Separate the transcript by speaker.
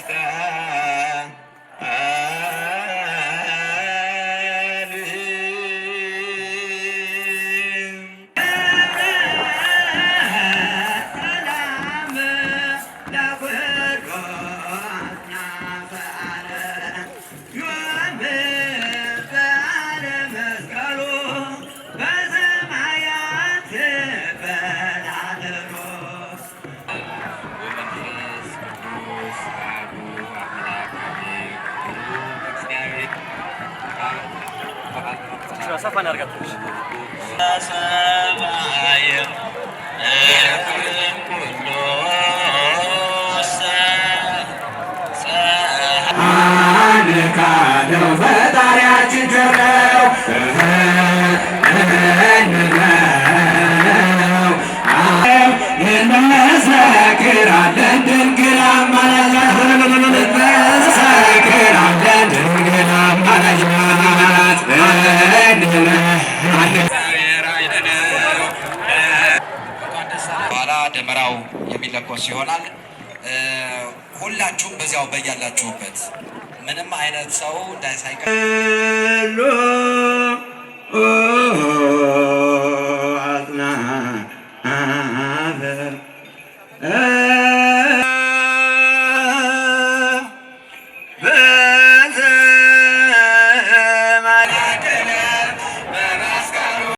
Speaker 1: Yeah. that.
Speaker 2: ሰፋ እናድርጋት በመጀመሪያው የሚለኮስ ይሆናል። ሁላችሁም በዚያው በያላችሁበት
Speaker 1: ምንም አይነት ሰው እንዳይሳይቀር አጽናፈ